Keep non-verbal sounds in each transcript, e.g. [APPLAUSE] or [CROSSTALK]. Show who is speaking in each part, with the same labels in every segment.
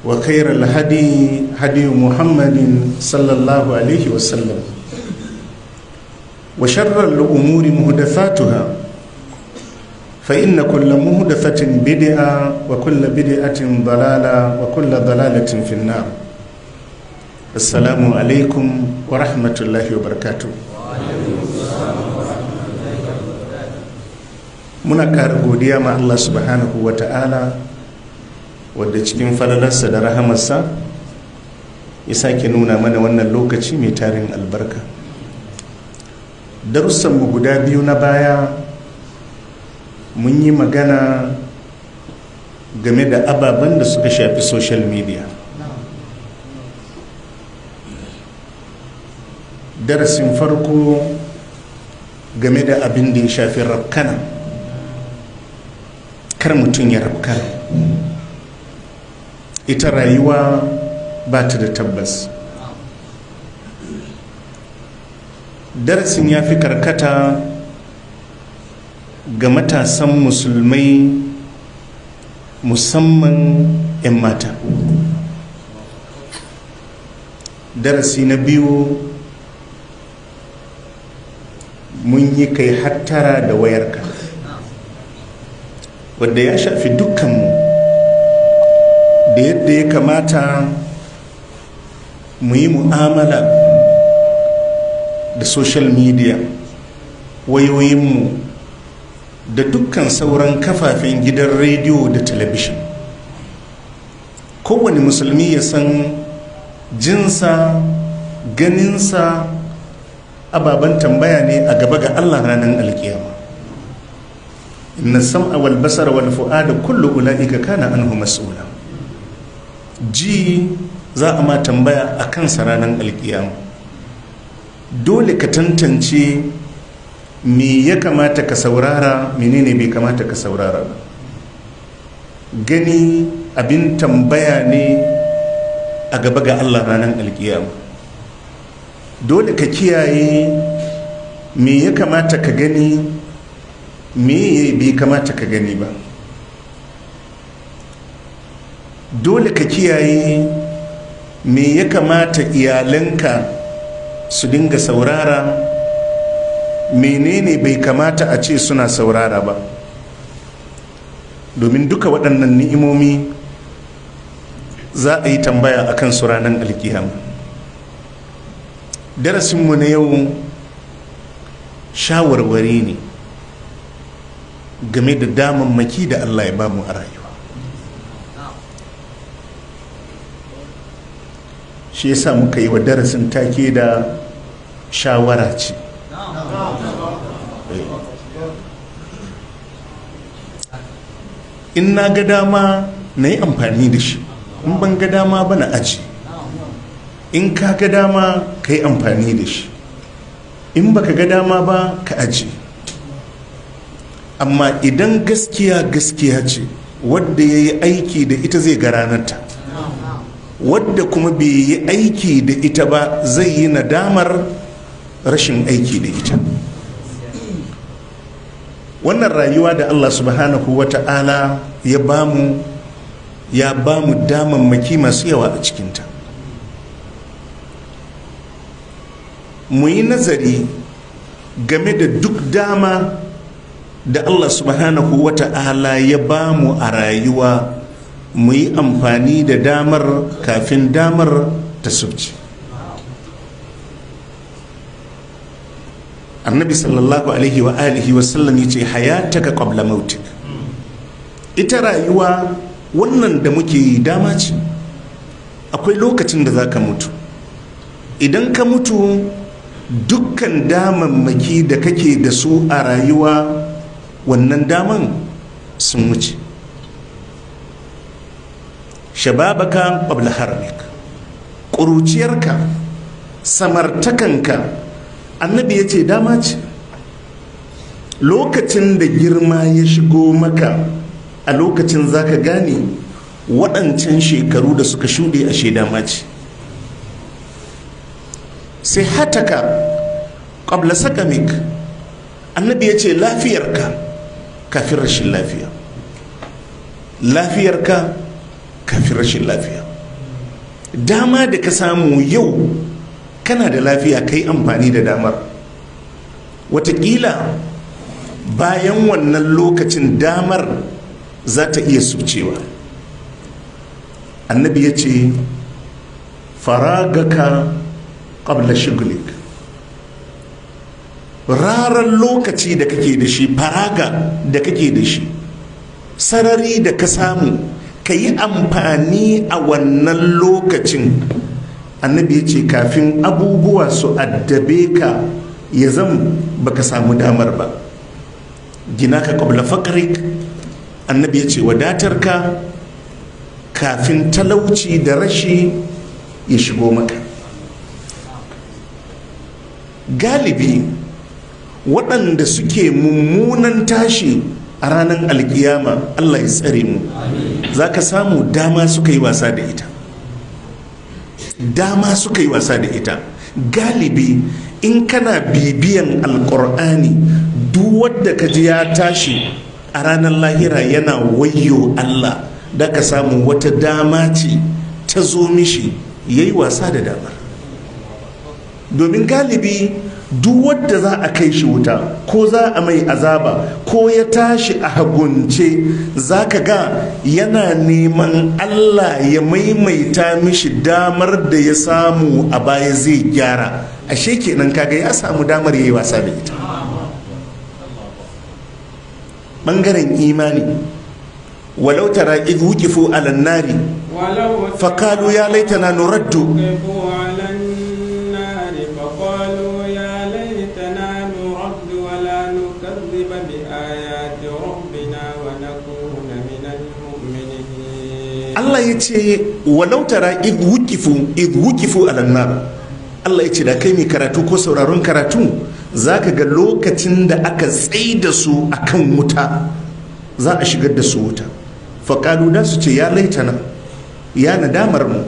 Speaker 1: وخير الهدي هدي محمد صلى الله عليه وسلم وشر الأمور مهدفاتها فإن كل مهدفة بدعة وكل بدعة ضلالة وكل ضلالة في النار السلام عليكم ورحمة الله وبركاته muna ƙara godiya ma Allah subhanahu wa ta'ala wadda cikin falalarsa da rahamarsa ya sake nuna mana wannan lokaci mai tarin albarka darussanmu guda biyu na baya mun yi magana game da ababen da suka shafi social media darasin farko game da abin da ya shafi rafkana kar mutum ya rafkana ita rayuwa ba ta da tabbas darasin ya fi karkata ga matasan musulmai musamman 'yan mata darasi na biyu mun yi kai hattara da wayarka wadda ya shafi dukkanmu da yadda ya kamata mu yi mu'amala da social media wayoyinmu da dukkan sauran kafafen gidan rediyo da talabishin kowane musulmi ya san jinsa ganinsa ababen tambaya ne a gaba ga allah ranar alkiyama inna sam'a wal basara wal fu'ada kullu ula'ika kana anhu mas'ula ji za a ma tambaya a kan ranar alkiyama dole ka tantance me ya kamata ka saurara menene bai kamata ka saurara gani abin tambaya ne a gaba ga allah ranar alkiyama dole ka kiyaye me ya kamata ka gani me ya bai kamata ka gani ba dole ka kiyaye me ya kamata iyalanka su dinga saurara menene bai kamata a ce suna saurara ba domin duka waɗannan ni'imomi za a yi tambaya a kan su ranar darasinmu na yau shawarwari ne game da damammaki da allah ya bamu a rayu shi yasa muka yi wa darasin take da shawara ce in na ga dama na yi amfani da shi in ban ga dama ba na aji in ka ga dama ka yi amfani da shi in baka ga dama ba ka aji amma idan gaskiya gaskiya ce wadda ya yi aiki da ita zai ga garanarta wadda kuma bai yi aiki da ita ba zai yi nadamar rashin aiki da ita wannan rayuwa da allah subhanahu wa ta'ala ya bamu ya bamu damammaki masu yawa a cikinta mu yi nazari game da duk dama da allah subhanahu wa ta'ala ya bamu a rayuwa mu yi amfani da damar kafin damar ta subci annabi sallallahu alaihi wa alihi wa sallam ya ce hayataka qabla mautik ita rayuwa wannan da muke yi dama ce akwai lokacin da za ka mutu idan ka mutu dukkan damammaki da kake da su a rayuwa wannan daman sun wuce shababaka ƙwabla haramik ƙuruciyarka samartakanka annabi ya ce dama ce lokacin da girma ya shigo maka a lokacin zaka gane waɗancan shekaru da suka shuɗe a sheda ce sai hataka ƙwabla sakamik annabi ya ce lafiyarka kafin rashin lafiya lafiyarka kafin rashin lafiya dama da ka samu yau kana da lafiya kai amfani da damar watakila bayan wannan lokacin damar za ta iya sucewa annabi ya ce faragaka ƙabla shigulik raran lokaci da kake da shi faraga da kake da shi sarari da ka samu ka yi amfani a wannan lokacin annabi ya ce kafin abubuwa su addabe ka ya zan baka samu damar ba gina ka kwabla fakarik annabi ya ce wadatar ka kafin talauci da rashi ya shigo maka galibi waɗanda suke mummunan tashi a ranar alƙiyama allah ya tsare mu za ka samu dama suka yi wasa da ita dama suka yi wasa da ita galibi in kana bibiyan alkur'ani duk wadda ka ji ya tashi a ranar lahira yana wayo allah da ka samu wata dama ce ta zo mishi ya yi wasa da damar domin galibi duk wadda za a kai shi wuta ko za a mai azaba ko ya tashi a hagunce za ka ga yana neman allah ya maimaita mishi damar da ya samu a baya zai gyara ashe kenan kaga ya samu damar ya yi wasa da ita ɓangaren imani walau tara idh alannari fakalu ya laitana nuraddu Allah ya ce walau tara id wukifu alannar Allah ya ce da kai mai karatu ko sauraron karatu zaka ga lokacin da aka da su akan wuta za a shigar da su wuta faƙalu da su ce ya laitana ya nadamar mu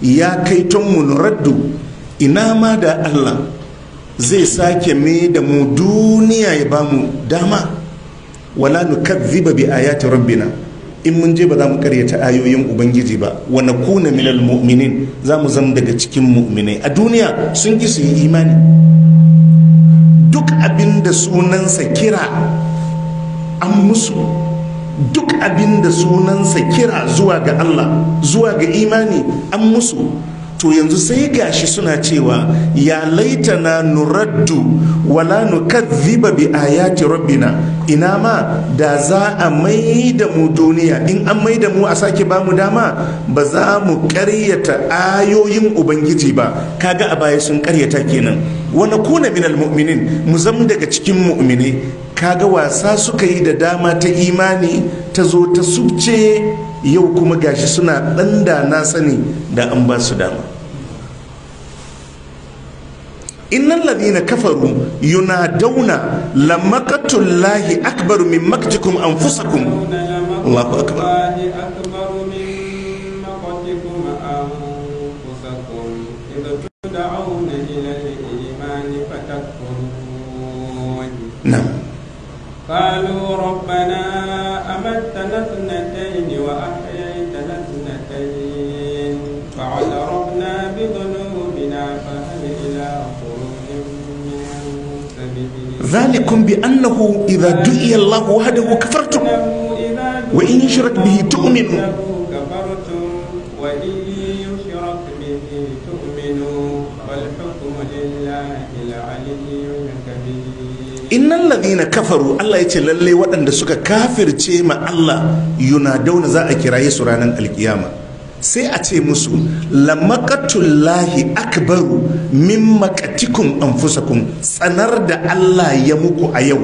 Speaker 1: ya kai mu nuraddu ina ma da Allah zai sake me da mu duniya ya bamu dama wala nukadziba bi ayati rabbina in mun je ba za mu karyata ayoyin ubangiji ba wa kuna minal mu'minin za mu zama daga cikin mu'minai a duniya sun ki su yi imani duk abin da sunansa kira an musu duk abin da sunansa kira zuwa ga Allah zuwa ga imani an musu to yanzu sai gashi suna cewa ya na nuraddu wala nukadziba bi ayati rabbina ina ma da za a mai da mu duniya in an mai da mu a sake ba mu dama ba za mu karyata ayoyin ubangiji ba kaga a baya sun karyata kenan wani kuna minal mu'minin mu zama daga cikin mu'mini kaga wasa suka yi da dama ta imani ta zo ta subce yau kuma gashi suna ɗan da na sani da an ba su dama innal ladhina kafaru yunadawna lamaqatullahi akbaru min maqtikum anfusakum Allahu akbar ذلكم بأنه إذا
Speaker 2: دعي الله وحده كفرتم
Speaker 1: وإن يشرك به تؤمنوا innan ladina kafaru Allah ya ce lallai waɗanda suka kafirce ma Allah yuna dauna za a kira kiraye su ranar alkiyama sai a ce musu lamakatullahi akbaru min makatikum anfusakum tsanar da Allah ya muku a yau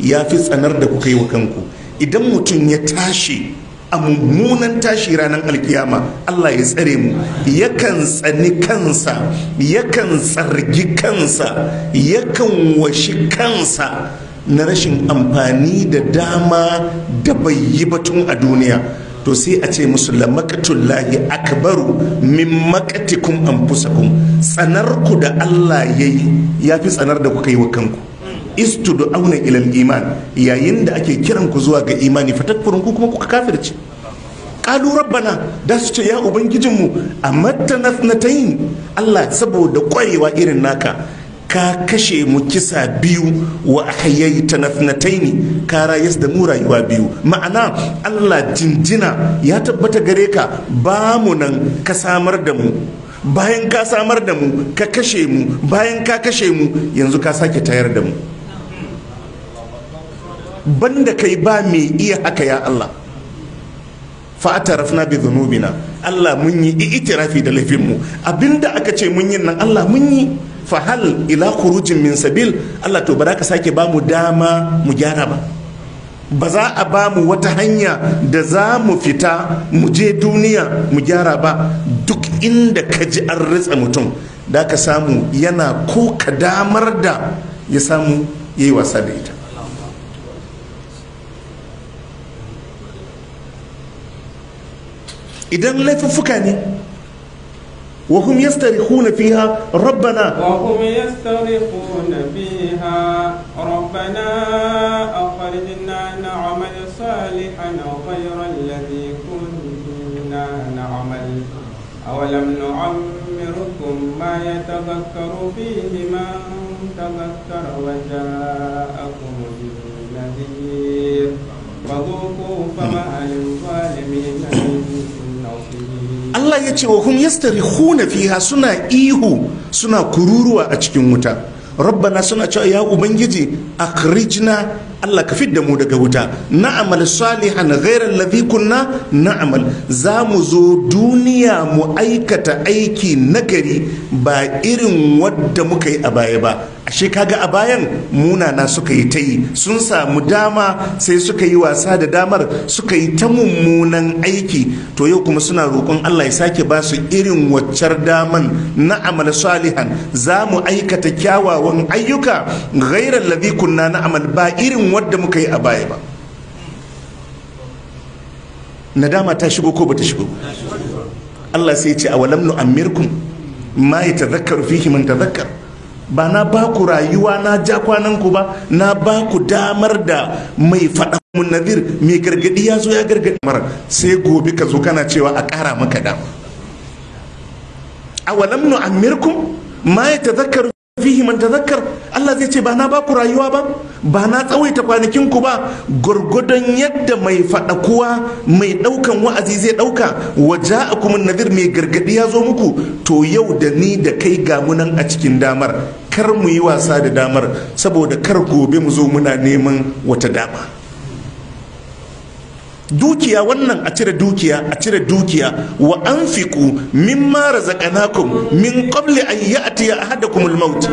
Speaker 1: ya fi tsanar da kuka yi wa kanku idan mutum ya tashi a mummunan tashi ranar alkiyama Allah ya tsare mu yakan tsani kansa yakan tsargi kansa yakan washi kansa na rashin amfani da dama da bai yi batun a duniya to sai a ce musu la makatullahi akbaru min makatikum anfusakum tsanar ku da Allah yayi yafi tsanar da kuka yi wa kanku istudu auna ilal iman yayin da ake kiran ku zuwa ga imani fatakfurun ku kuma kuka kafirce kalu rabbana da su ce ya ubangijinmu a matta Allah saboda kwarewa irin naka ka kashe mu kisa biyu wa ta aka ahyaita nafnataini ka rayas da mu rayuwa biyu ma'ana Allah jinjina ya tabbata gare ka ba mu nan ka samar da mu bayan ka samar da mu ka kashe mu bayan ka kashe mu yanzu ka sake tayar da mu banda kai ba mai iya haka ya Allah fa'atarafna bi zunubina Allah mun yi itirafi da laifinmu abinda aka ce mun yi nan Allah mun yi fahal ila kurujin min sabil Allah to ba za ka sake ba mu dama mu gyara ba ba za a ba mu wata hanya da za mu fita mu je duniya mu gyara ba duk inda ka ji an ritsa mutum da ka samu yana ko ka damar da ya samu ya yi wasa da ita idan laifuffuka ne وهم يسترخون فيها ربنا وهم يسترخون
Speaker 2: فيها ربنا أخرجنا نعمل صالحا غير الذي كنا نعمل أولم نعمركم ما يتذكر فيه من تذكر وجاءكم النذير فذوقوا فما للظالمين من نصير Allah ya
Speaker 1: ce wa hum yastarihuna fiha suna ihu suna kururuwa a cikin wuta rabbana suna cewa ya ubangiji akhrijna Allah ka fidda mu daga wuta na'amal salihan ghayra ladhi kunna na'amal zamu zo duniya mu aikata aiki nagari ba irin wadda muka yi a baya ba ashe kaga a bayan munana suka yi ta yi sun samu dama sai suka yi wasa da damar suka yi ta mummunan aiki to yau kuma suna roƙon Allah ya sake ba su irin waccar daman na amal salihan za mu aikata kyawawan ayyuka gairar labi kunna na amal ba irin wadda muka yi a baya ba nadama ta shigo ko ba ta shigo Allah sai ce a walamnu amirkum ma ya tazakkaru fihi man tazakkar ba na ba ku rayuwa na ja kwanan ku ba na ba ku damar da mai faɗa mun nazir mai gargadi ya zo ya gargadi mara sai gobe ka zo kana cewa a ƙara maka dama awalam nu amirkum ma ya tazakkaru fihi man tazakkar Allah zai ce ba na ba ku rayuwa ba ba na tsawaita kwanakin ku ba gurgudan yadda mai faɗa kuwa mai ɗaukan wa'azi zai ɗauka waja a kuma nadir mai gargaɗi ya zo muku to yau da ni da kai gamunan a cikin damar kar mu yi wasa da damar saboda kar gobe mu zo muna neman wata dama dukiya wannan a cire dukiya a cire dukiya wa min mara zakanakum min qabli an ya'tiya ahadakum al-maut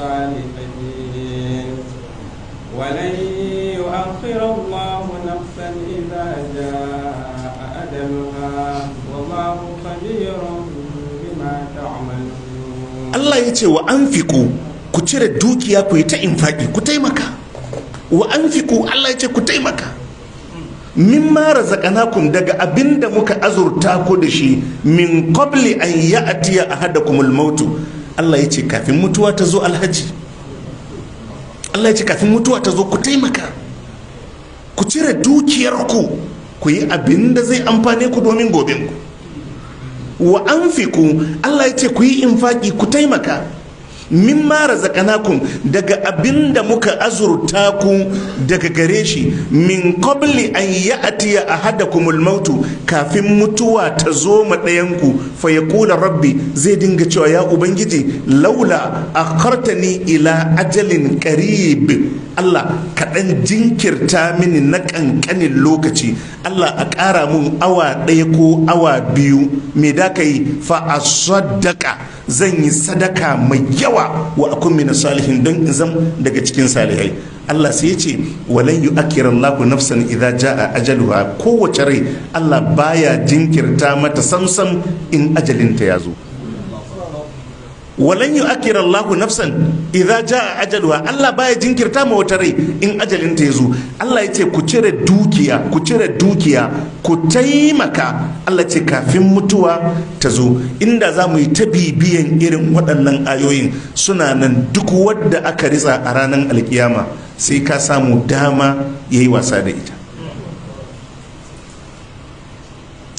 Speaker 2: الصالحين ولن يؤخر الله نفسا إذا جاء أجلها والله خبير بما تعملون الله
Speaker 1: يتي وأنفقوا كتير cire dukiya ku yi كتيمك وأنفقوا الله يتي كتيمك mimma ku daga abinda muka azurta ku da shi min qabli an ya'tiya ahadakumul mautu Allah ya ce kafin mutuwa ta zo alhaji Allah ya ce kafin mutuwa ta zo ku taimaka ku cire dukiyarku ku yi abin da zai amfane ku domin ku wa anfiku Allah ya ce ku yi infaki ku taimaka min mara zakanakun daga abin da muka azurta ku daga gare shi min qabli an hada ahadakumul mautu kafin mutuwa ta zo ma ɗayanku ku fa yaqula rabbi zai dinga cewa ya ubangiji laula a akhartani ila ajalin qarib Allah kaɗan jinkirta mini na ƙanƙanin lokaci Allah a ƙara mun awa ɗaya ko awa biyu me da ka yi fa a zan yi sadaka mai yawa wa akwai min salihin don in daga cikin salihai Allah sai ya ce walan laku nafsan ja jaa ajaluha kowace rai Allah baya jinkirta mata samsam in ajalinta ya zo walan yu'akkira Allahu nafsan idza jaa ajaluha Allah baya jinkirta ma wata rai in ajalin ta yazo Allah yace ku cire dukiya ku cire dukiya ku taimaka Allah ce kafin mutuwa ta zo inda za mu yi ta bibiyan irin waɗannan ayoyin suna nan duk wadda aka ritsa a ranar alkiyama sai ka samu dama yayi wasa da ita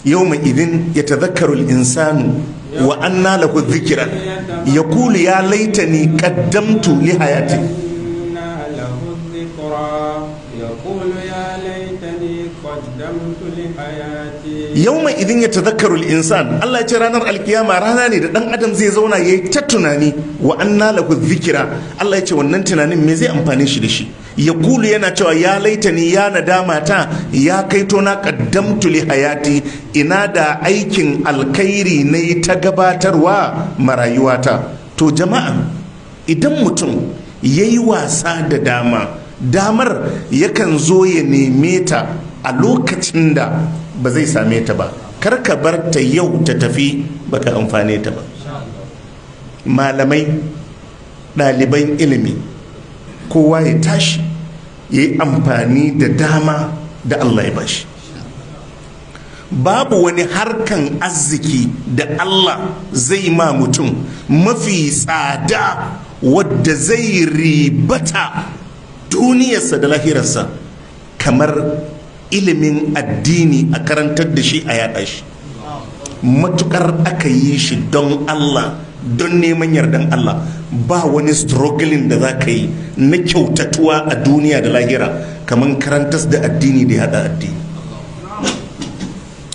Speaker 1: yau mai idin ya tazakkaru insanu wa anna lahu dhikran yaqulu ya laitani qaddamtu li hayati yawma idin ya tazakkaru al-insan Allah ya ce ranar alkiyama rana ne da ɗan adam zai zauna yayi ta tunani wa anna lahu dhikra Allah ya ce wannan tunanin me zai amfane shi da shi ya kulu yana cewa ya laita ni ya nadama ta ya kai tona kaddamtu li hayati ina da aikin alkhairi ne ta gabatarwa marayuwata to jama'a idan mutum ya yi wasa da dama damar yakan zo ya neme ta a lokacin da ba zai same ta ba kar ka bar ta yau ta tafi baka amfane ta ba malamai ɗaliban ilimi kowa ya tashi ya yi amfani da dama da allah ya bashi babu wani harkan arziki da allah zai ma mutum mafi tsada wadda zai ribata duniyarsa da lahirarsa kamar ilimin addini a karantar da shi a yaɗa shi matukar aka yi shi don allah don neman yardan Allah ba wani struggling da za ka yi na kyautatuwa a duniya da lahira kamar karantas da addini da hada addini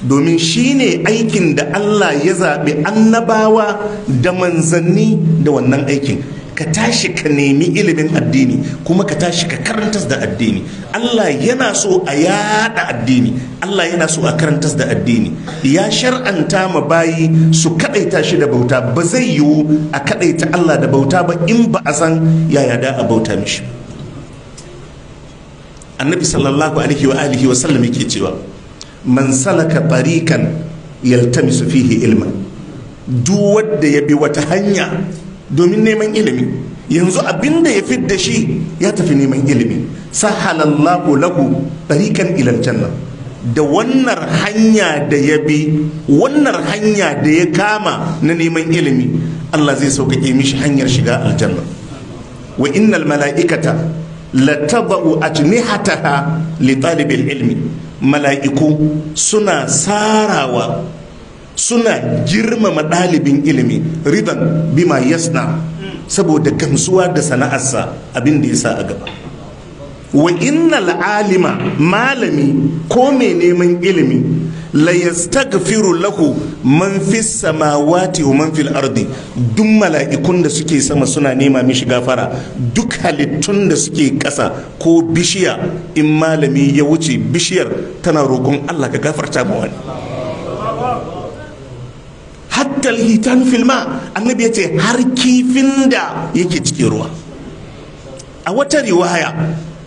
Speaker 1: domin shi ne aikin da Allah ya zaɓi annabawa da manzanni da wannan aikin ka tashi ka nemi ilimin addini kuma ka tashi ka karantar da addini Allah yana so a yada addini Allah yana so a karantar da addini ya shar'anta ma bayi su kadaita shi da bauta ba zai yiwu a kadaita Allah da bauta ba in ba a san ya yada a bauta mishi annabi sallallahu alaihi wa alihi wa sallam yake cewa man salaka tariqan yaltamisu fihi ilman duk wanda ya bi wata hanya domin neman ilimi yanzu abin da ya fi da shi ya tafi neman ilimi sahalallahu lahu tarikan ilal janna da wannan hanya da ya bi wannan hanya da ya kama na neman ilimi Allah zai sauƙaƙe mishi hanyar shiga aljanna wa innal mala'ikata la tadau ajnihataha li talibil ilmi mala'iku suna sarawa suna girmama ɗalibin ilimi riban bima yasna saboda gamsuwa da sana'arsa abin da ya sa a gaba wa inna al'alima malami ko mai neman ilimi la yastaghfiru lahu man fis samawati wa man fil ardi duk mala'ikun da suke sama suna nema mishi gafara duk halittun da suke ƙasa ko bishiya in malami ya wuce bishiyar tana roƙon Allah ka gafarta ma wani hatal hitan filma annabi ya ce har kifin da yake cikin ruwa a wata riwaya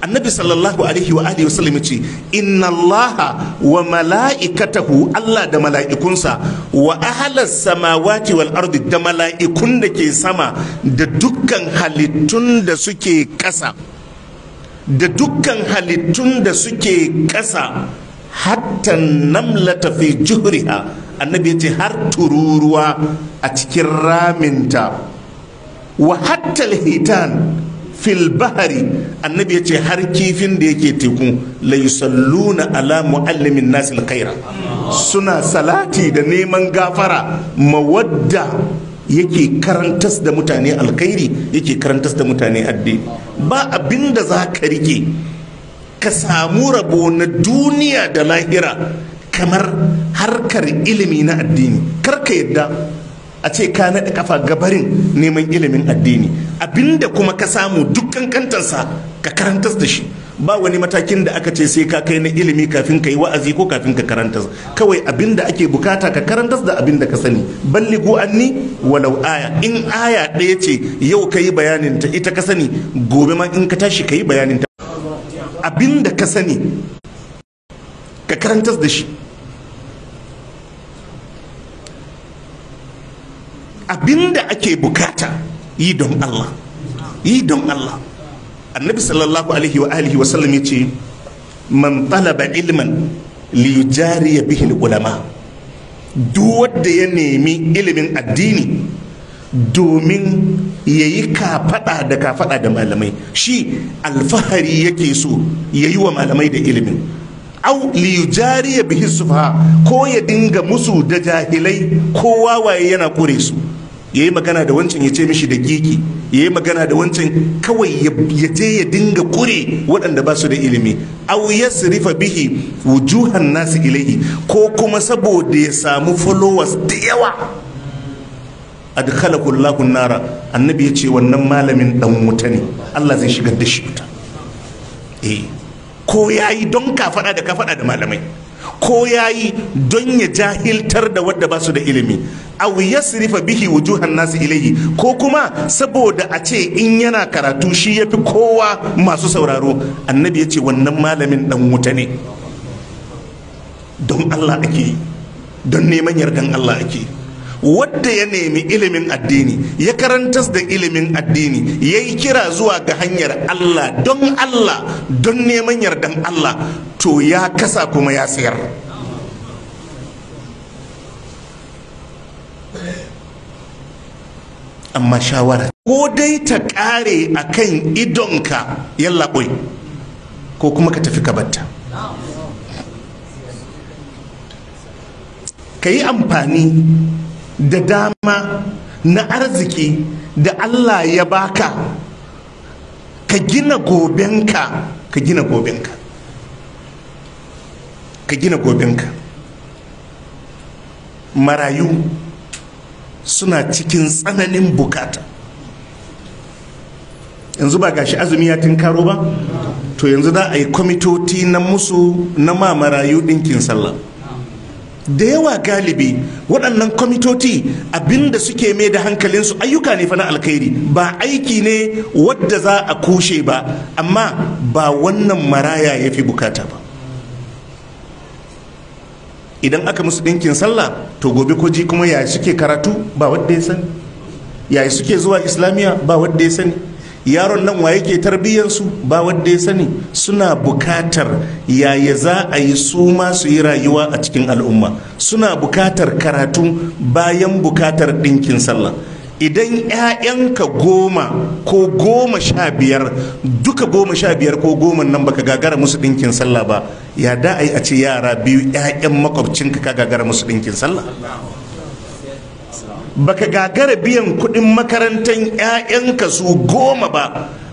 Speaker 1: annabi sallallahu alaihi wa alihi wasallam ya ce inna allaha wa mala'ikatahu allah da mala'ikunsa wa ahlas samawati wal ardi da mala'ikun da ke sama da dukkan halittun da suke kasa da dukkan halittun da suke kasa hatta namlata fi juhriha annabi ya ce har tururuwa a cikin raminta wa hatta hitan fil bahari annabi ya ce har kifin da yake teku laisalluna ala muallimin nasi alkhaira suna salati da neman gafara mawadda yake karantas da mutane alkhairi yake karantas da mutane addi ba abinda za ka rike ka samu rabo na duniya da lahira kamar harkar ilimi na addini karka yadda a ce ka naɗa kafa gabarin neman ilimin addini abinda kuma ka samu dukkan kantarsa ka karantas da shi ba wani matakin da aka ce sai ka kai na ilimi kafin ka yi wa'azi ko kafin ka karantas kawai abin ake bukata ka karantas da abin ka sani balligu anni walau aya in aya ɗaya ce yau ka yi bayanin ta ita ka sani gobe ma in ka tashi ka yi bayanin ta abin ka sani ka karantas da shi abinda ake bukata yi don Allah yi don Allah annabi sallallahu alaihi wa alihi wa sallam yace man talaba ilman li yujari bihi ulama duk wanda ya nemi ilimin addini domin yayi kafada da kafada da malamai shi alfahari yake so yayi wa malamai da ilimin au li yujari bihi sufa ko ya dinga musu da jahilai ko wawaye yana kure su ya yi magana da wancan ya ce mishi da giki ya yi magana da wancan kawai ya je ya dinga kure waɗanda ba su da ilimi au ya sirifa bihi wujuhan nasu ilahi ko kuma saboda ya samu followers da yawa adkhalahu Allahu nara annabi ya ce wannan malamin dan wuta ne Allah zai shigar da shi wuta eh ko yayi don ka faɗa da ka faɗa da malamai ko ya yi don ya jahiltar da wadda ba su da ilimi ya sirifa bihi wujuhan su ilahi ko kuma saboda a ce in yana karatu shi ya fi kowa masu sauraro annabi ya ce wannan malamin dan wuta ne don Allah ake don neman yardan Allah ake wadda ya nemi ilimin addini ya karantas da ilimin addini ya yi kira zuwa ga hanyar Allah don Allah don neman yardan Allah to ya kasa kuma ya sayar amma shawara ko dai ta kare a kan idonka yalla ɓoye ko kuma ka tafi kabarta ka yi amfani da dama na arziki da Allah ya baka ka gina gobenka ka gina gobenka ka gina gobenka marayu suna cikin tsananin bukata yanzu ba gashi azumi ya tinkaro ba to yanzu za a yi kwamitoti na musu na ma marayu ɗinkin sallah da yawa galibi waɗannan kwamitoci abinda suke mai da hankalinsu ayyuka ne fa na alkhairi ba aiki ne wadda za a kushe ba amma ba wannan maraya ya fi bukata ba idan aka musu ɗinkin sallah to gobe koji kuma ya suke karatu ba wadda ya sani ya suke zuwa islamiyya ba wadda ya sani yaron nan wa yake tarbiyyansu ba wanda ya sani suna bukatar yaya za a yi su ma su yi rayuwa a cikin al'umma suna bukatar karatu bayan bukatar ɗinkin sallah idan 'ya'yanka goma ko goma sha biyar duka goma sha biyar ko goma nan baka gagara musu ɗinkin sallah ba ya da a yi a ce yara biyu 'ya'yan makwabcinka ka gagara musu ɗinkin sallah baka gagara biyan kuɗin makarantar 'ya'yanka su goma ba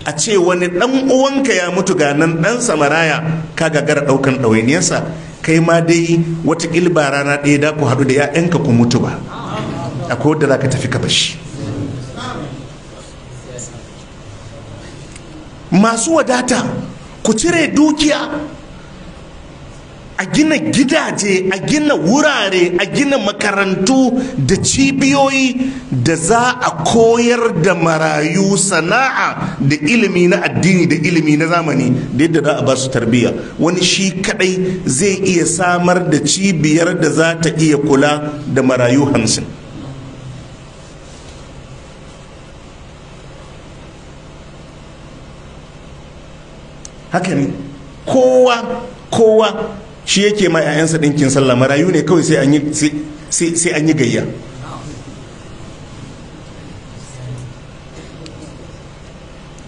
Speaker 1: a ce wani ɗan uwanka ya mutu ga nan ɗan samaraya ka gagara ɗaukan ɗawainiyarsa kai ma dai wata ilba rana ɗaya da ku haɗu da 'ya'yanka ku mutu ba a da za ka tafi ka bashi masu wadata ku cire dukiya a gina gidaje a gina wurare a gina makarantu da cibiyoyi da za a koyar da marayu sana'a da ilimi na addini da ilimi na zamani da yadda za a ba su tarbiyya wani shi kadai zai iya samar da cibiyar da za ta iya kula da marayu hamsin haka ne kowa kowa shi yake ma 'ya'yansa ɗinkin sallah marayu ne kawai sai an yi gayya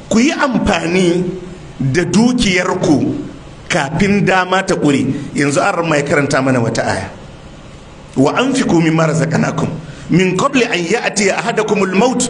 Speaker 1: ku yi amfani da dukiyarku kafin dama ta ƙuri yanzu an mai karanta mana wata aya wa an fi komi mara zakanakun min kobli an yi a hada kuma maut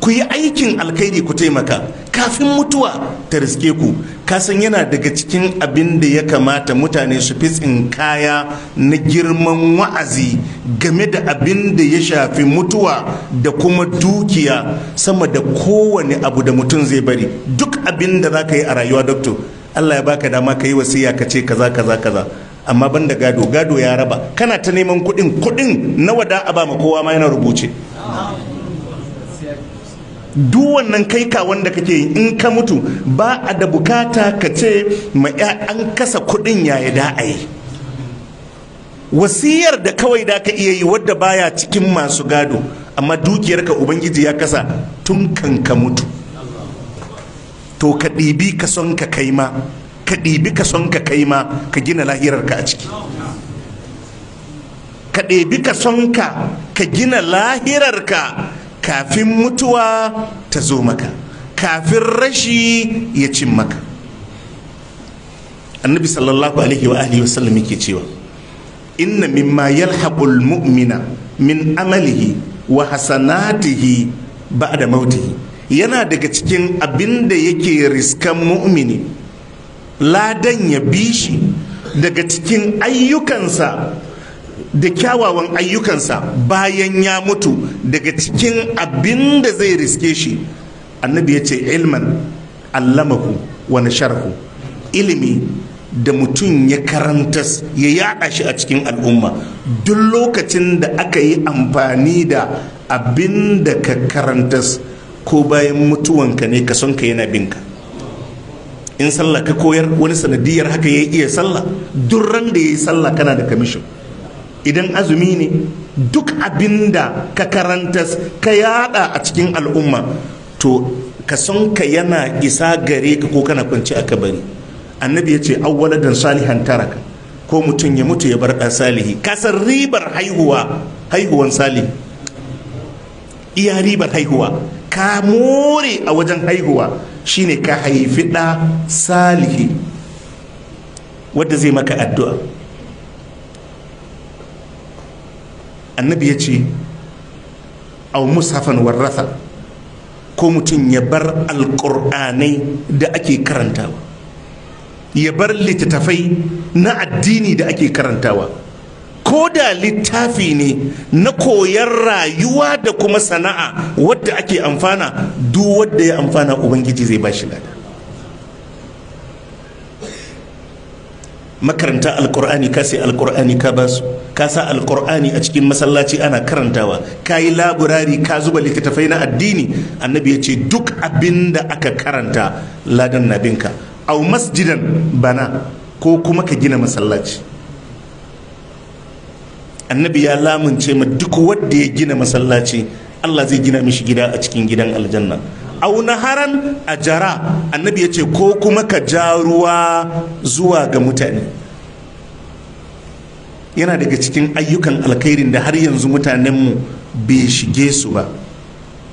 Speaker 1: ku yi aikin alkhairi ku taimaka kafin mutuwa ta riske ku kasan yana daga cikin abin da ya kamata mutane su fi tsinkaya na girman wa'azi game da abin da ya shafi mutuwa da kuma dukiya sama da kowane abu da mutum zai bari duk abin da za ka yi a rayuwa doctor allah ya baka dama ka yi wasiya ka ce kaza kaza kaza amma banda gado gado ya raba kana ta neman kuɗin kuɗin nawa da a ba ma kowa ma yana rubuce duk wannan kai ka wanda kake yi in ka mutu ba a da bukata ka ce ma an kasa kudin yaya da a wasiyar da kawai da ka iya yi wadda baya cikin masu gado amma dukiyarka ubangiji ya kasa tun kan ka mutu to ka ɗibi ka son ka kai ma ka ɗibi ka son ka kai ma ka gina lahirar ka a ciki ka ɗibi ka son ka ka gina lahirar ka. kafin mutuwa ta zo maka kafin rashi ya cin maka annabi sallallahu alaihi wa alihi wasallam yake cewa inna mimma yalhaqul mu'mina min amalihi wa hasanatihi ba'da mautihi yana daga cikin abin da yake riskan mu'mini ladan ya bishi daga cikin ayyukansa da kyawawan ayyukansa bayan ya mutu daga cikin abin da zai riske shi annabi ya ce ilman allamaku wani sharhu ilimi da mutum ya karanta ya yaɗa shi a cikin al'umma duk lokacin da aka yi amfani da abin da ka karanta ko bayan mutuwanka ne ka son ka yana binka in sallah ka koyar wani sanadiyar haka ya iya sallah duk ran da ya yi sallah kana da kamishin idan azumi ne duk abinda ka karanta, ka yada a cikin al'umma to ka son ka yana isa gare ka ko kana kwanci a kabari annabi ya ce awwaladan salihan taraka ko mutum ya mutu ya bar ɗan salihi kasar ribar haihuwa haihuwan salihi iya ribar haihuwa ka more a wajen haihuwa shine ka haifi ɗa salihi wadda zai maka addu'a annabi ya ce au musafan warratha ko mutum ya bar alƙur'anai da ake karantawa ya bar littattafai na addini da ake karantawa ko da littafi ne na koyar rayuwa da kuma sana'a wadda ake amfana duk wadda ya amfana ubangiji zai ba shi lada makaranta alkur'ani ka sai alkur'ani ka ba su ka sa alkur'ani a cikin masallaci ana karantawa ka yi laburari ka zuba littattafai na addini annabi ya ce duk abin da aka karanta ladan na binka au masjidan bana ko kuma ka gina masallaci annabi ya lamunce ma duk wanda ya gina masallaci allah zai gina mishi gida a cikin gidan aljanna auna haran a jara annabi ya ce ko kuma ka ja ruwa zuwa ga mutane yana daga cikin ayyukan alkhairin da har yanzu mutanenmu bai shige su ba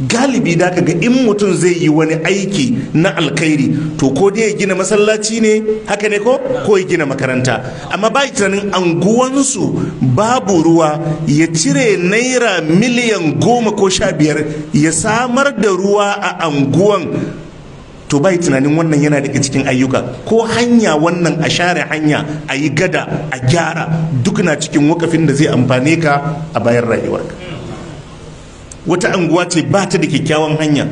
Speaker 1: galibi da ka ga in mutum zai yi wani aiki na alkhairi to ko dai ya gina masallaci ne haka ne ko ko ya gina makaranta amma ba tunanin anguwansu babu ruwa ya cire naira miliyan goma ko sha biyar ya samar da ruwa a anguwan to bai tunanin wannan yana daga cikin ayyuka ko hanya wannan a share hanya a yi gada a gyara duk na cikin wakafin da zai amfane ka a bayan rayuwarka wata anguwa ce ba ta da kyakkyawan hanya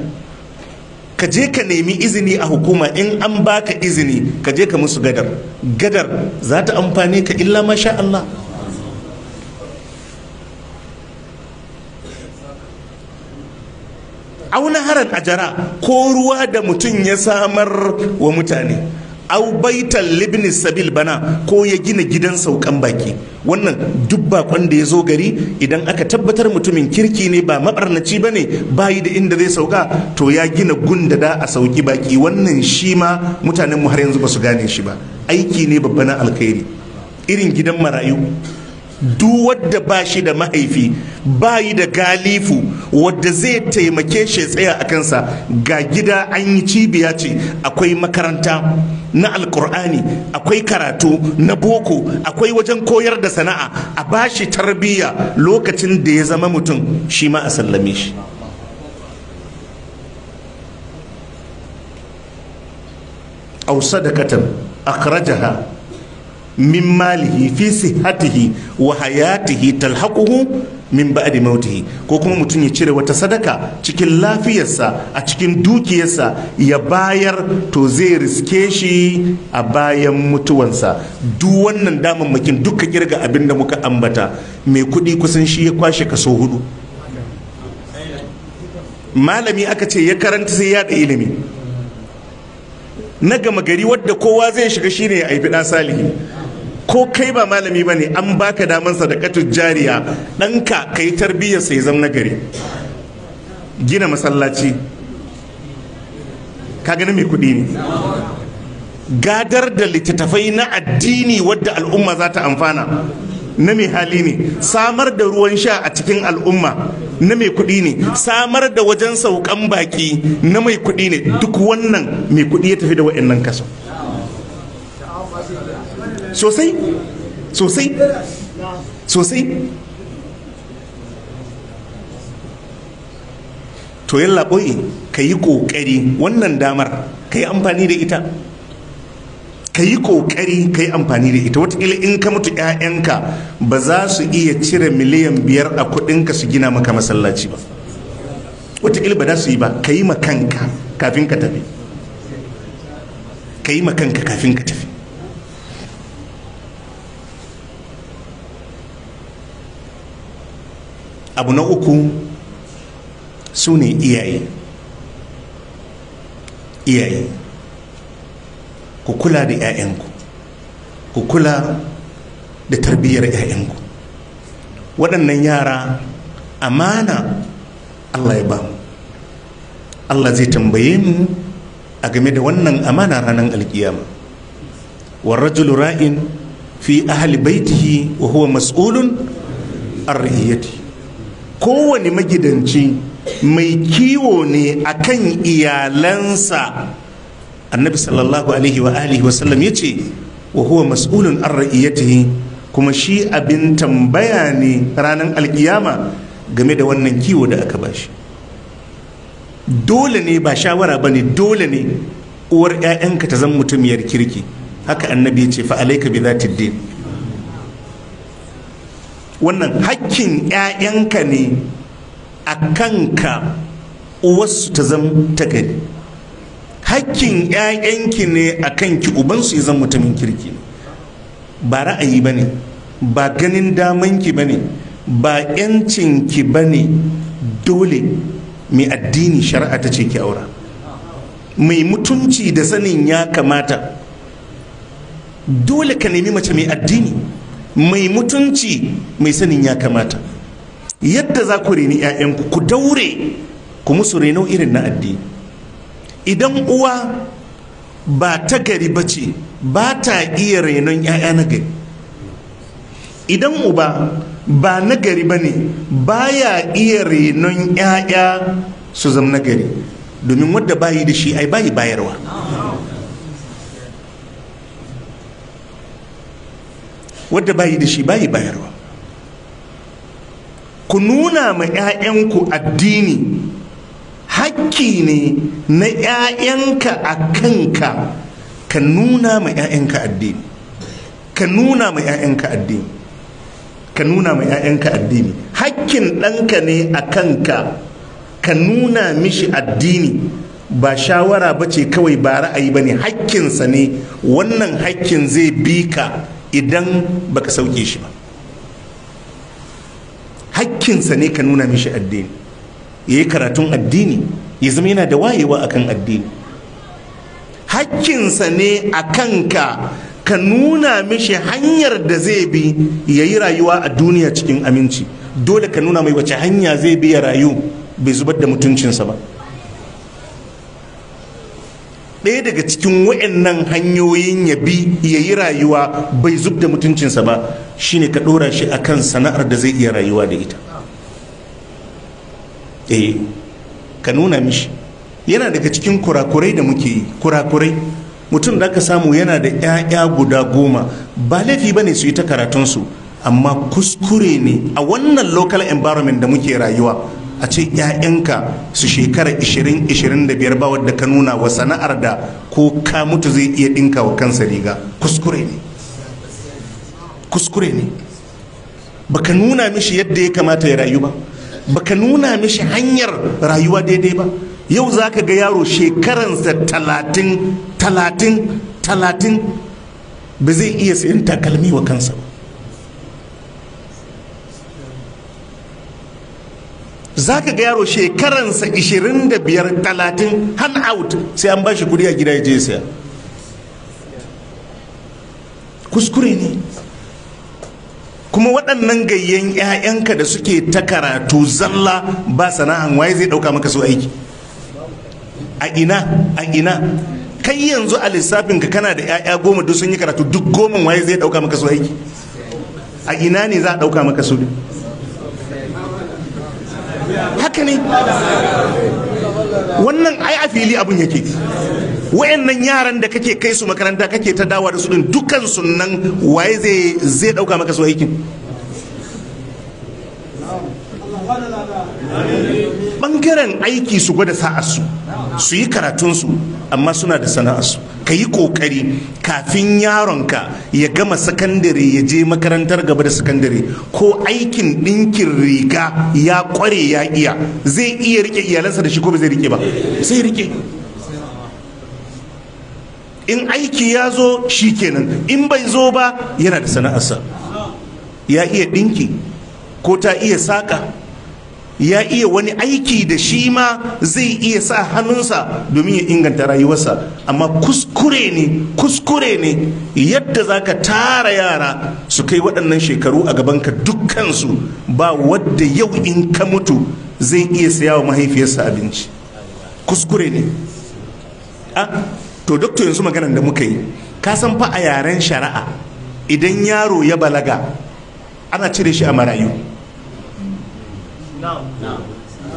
Speaker 1: ka je ka nemi izini a hukuma in an baka izini ka je ka musu gadar gadar za ta amfani ka illa masha Allah auna haran ajara ko ruwa da mutum ya samar wa mutane au baitan libni sabil bana ko ya gina gidan saukan baki wannan duk bakon da ya zo gari idan aka tabbatar mutumin kirki ne ba mabarnaci ba ne bayi da inda zai sauka to ya gina gunda da a sauki baki wannan shi ma mutanen mu har yanzu ba su gane shi ba aiki ne babban alkhairi irin gidan marayu duk wadda ba shi da mahaifi ba yi da galifu wadda zai taimake shi tsaya a kansa ga gida an yi cibiya ce akwai makaranta na alkur'ani akwai karatu na boko akwai wajen koyar da sana'a a ba shi tarbiyya lokacin da ya zama mutum shi ma a sallame shi au sadakatan akhrajaha min malihi fi sihatihi wa hayatihi talhaquhu min ba'di mautihi ko kuma mutum ya cire wata sadaka cikin lafiyarsa a cikin dukiyarsa ya bayar to zai riske shi a bayan mutuwansa duk wannan damammakin duka kirga abin da muka ambata mai kudi kusan shi ya kwashe kaso hudu malami aka ce ya karanta sai ya da ilimi na gama gari wadda kowa zai shiga shine ya aifi ɗan salihi ko kai ba malami ba ne an baka daman sadakatu jariya ɗanka ka yi tarbiyyar sai zama nagari gina masallaci ka gani mai kuɗi ne gadar da littattafai na addini wadda al'umma za ta amfana na mai hali ne samar da ruwan sha a cikin al'umma na mai kuɗi ne samar da wajen saukan baki na mai kuɗi ne duk wannan mai kuɗi ya tafi da wa'annan kaso sosai sosai sosai to yi ɓoye ka yi ƙoƙari wannan damar ka yi amfani da ita ka yi ƙoƙari ka yi amfani da ita watakila in ka mutu 'ya'yanka ba za su iya cire miliyan biyar a kuɗinka su gina maka masallaci ba watakila ba za su yi ba ka yi makanka kafin ka tafi ka yi makanka kafin ka tafi abu na uku su ne iyaye iyaye ku kula da 'ya'yanku ku kula da tarbiyyar 'ya'yanku waɗannan yara amana allah ya ba mu allah zai tambaye mu a game da wannan amana ranar alkiyama warajulu ra'in fi ahli baitihi wa huwa mas'ulun an kowane magidanci mai kiwo ne akan iyalansa annabi sallallahu alaihi wa alihi wasallam ya ce wa huwa mas'ulun an ra'iyatihi kuma shi abin tambaya ne ranar alkiyama game da wannan kiwo da aka bashi dole ne ba shawara ba ne dole ne uwar 'ya'yanka ta zan mutumiyar kirki haka annabi ya ce fa alaika bi zati din wannan hakkin 'ya'yanka ne a kanka uwarsu ta zama ta gari hakkin 'ya'yanki ne a kanki ubansu ya zama mutumin kirki ba ra'ayi ba ne ba ganin damanki ba ne ba 'yancinki ba ne dole mai addini shari'a ta ce ki aura mai mutunci da sanin ya kamata dole ka nemi mace mai addini mai mutunci mai sanin ya kamata yadda za ku reni 'ya'yanku ku daure ku musu reno irin na addini idan uwa ba ta gari ba ce ba ta iya renon 'ya'ya na gari idan uba ba na gari ba ne ba ya iya renon 'ya'ya su zama na gari domin wadda bayi da shi ai bayi bayarwa wadda bayi da shi bayi bayarwa ku nuna ma 'ya'yanku addini hakki ne na 'ya'yanka a kanka ka nuna ma 'ya'yanka addini ka nuna ma 'ya'yanka addini ka nuna ma 'ya'yanka addini hakkin ɗanka ne a kanka ka nuna mishi addini ba shawara ba ce kawai ba ra'ayi ba ne hakkinsa ne wannan hakkin zai bi ka idan baka sauke shi ba hakkinsa ne ka nuna mishi addini ya yi karatun addini ya zama yana da wayewa akan addini hakkinsa ne a kanka ka nuna mishi hanyar da zai bi ya yi rayuwa a duniya cikin aminci dole ka nuna mai wace hanya zai bi ya rayu bai zubar da mutuncinsa ba ɗaya daga cikin wa'annan hanyoyin ya bi ya yi rayuwa bai zub da mutuncinsa ba shine ka ɗora shi akan sana'ar da zai iya rayuwa da ita eh ka nuna mishi yana daga cikin kurakurai da muke yi kurakurai mutum da aka samu yana da 'ya'ya guda goma ba laifi ba ne su yi ta karatunsu amma kuskure ne a wannan local environment da muke rayuwa a ce 'ya'yanka su shekara 20-25 ba wadda ka nuna wa sana'ar da ko ka mutu zai iya ɗinka wa kansa riga kuskure ne kuskure ne baka nuna mishi yadda ya kamata ya rayu ba baka nuna mishi hanyar rayuwa daidai ba yau za ka ga yaro shekaransa talatin talatin talatin ba zai iya sayan takalmi wa kansa ba za ka ga yaro shekaransa 25 talatin hand out sai an ba shi kudi a gida ya je siya kuskure ne kuma waɗannan gayyan 'ya'yanka da suke ta karatu zalla ba sana'an waye zai ɗauka maka su aiki a ina a ina kai yanzu a lissafin ka kana da 'ya'ya goma duk sun yi karatu duk goma waye zai ɗauka maka su aiki a ina ne za a ɗauka maka su haka ne wannan ai a fili abin yake wayannan yaran da kake kai su makaranta kake ta dawa da su din dukkan sunan waye zai zai dauka maka su aikin ɓangaren aiki su gwada sa'arsu su yi karatunsu amma suna da sana'arsu ka yi ƙoƙari kafin yaronka ya gama sakandare ya je makarantar gaba da sakandare ko aikin ɗinkin riga ya ƙware ya iya zai iya rike iyalansa da shi ko ba zai rike ba sai rike in aiki ya zo shi kenan in bai zo ba yana da sana'arsa ya iya ɗinki ko ta iya saƙa ya iya wani aiki da shi ma zai iya sa hannunsa domin ya inganta rayuwarsa amma kuskure ne kuskure ne yadda za ka tara yara su kai waɗannan shekaru a gabanka dukkansu ba wadda yau in ka mutu zai iya saya wa mahaifiyarsa abinci kuskure ne a ah, to doktor yanzu maganar da muka yi ka san fa a yaren shari'a idan yaro ya balaga ana cire shi a marayu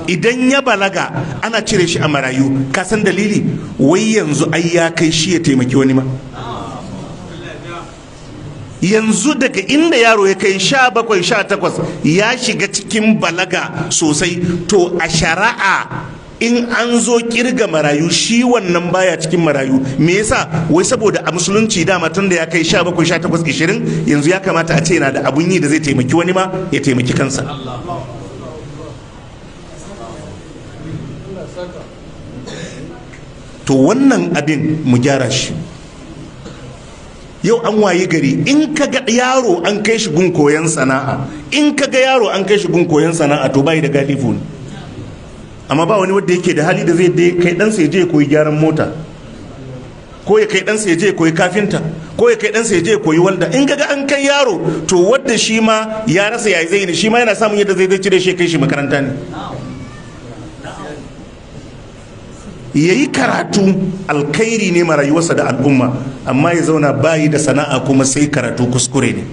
Speaker 1: idan ya balaga ana cire shi a marayu kasan dalili wai yanzu ai ya kai shi ya taimaki wani ma yanzu daga inda yaro ya kai sha bakwai sha takwas ya shiga cikin balaga sosai to a shara'a in an zo kirga marayu shi wannan baya cikin marayu me yasa wai saboda a musulunci dama tun da ya kai sha 18 ishirin yanzu ya kamata a ce yana da abun yi da zai taimaki wani ma ya taimaki kansa to wannan abin mu gyara shi yau an wayi gari in ka ga yaro an kai shi gun koyon sana'a in ka ga yaro an kai shi gun koyon sana'a to bai da galifu ne amma ba wani wanda yake da hali da zai kai ɗansa ya je ya koyi gyaran mota ko ya kai ɗansa ya je ya koyi kafinta ko ya kai ɗansa ya je ya koyi walda in ga an kai yaro to wadda shi ma ya rasa ya zai ne shi ma yana samun yadda zai zai cire shi kai shi makaranta ne ya yi karatu alkhairi ne ma rayuwarsa da al'umma amma ya zauna bayi da sana'a kuma sai karatu kuskure ne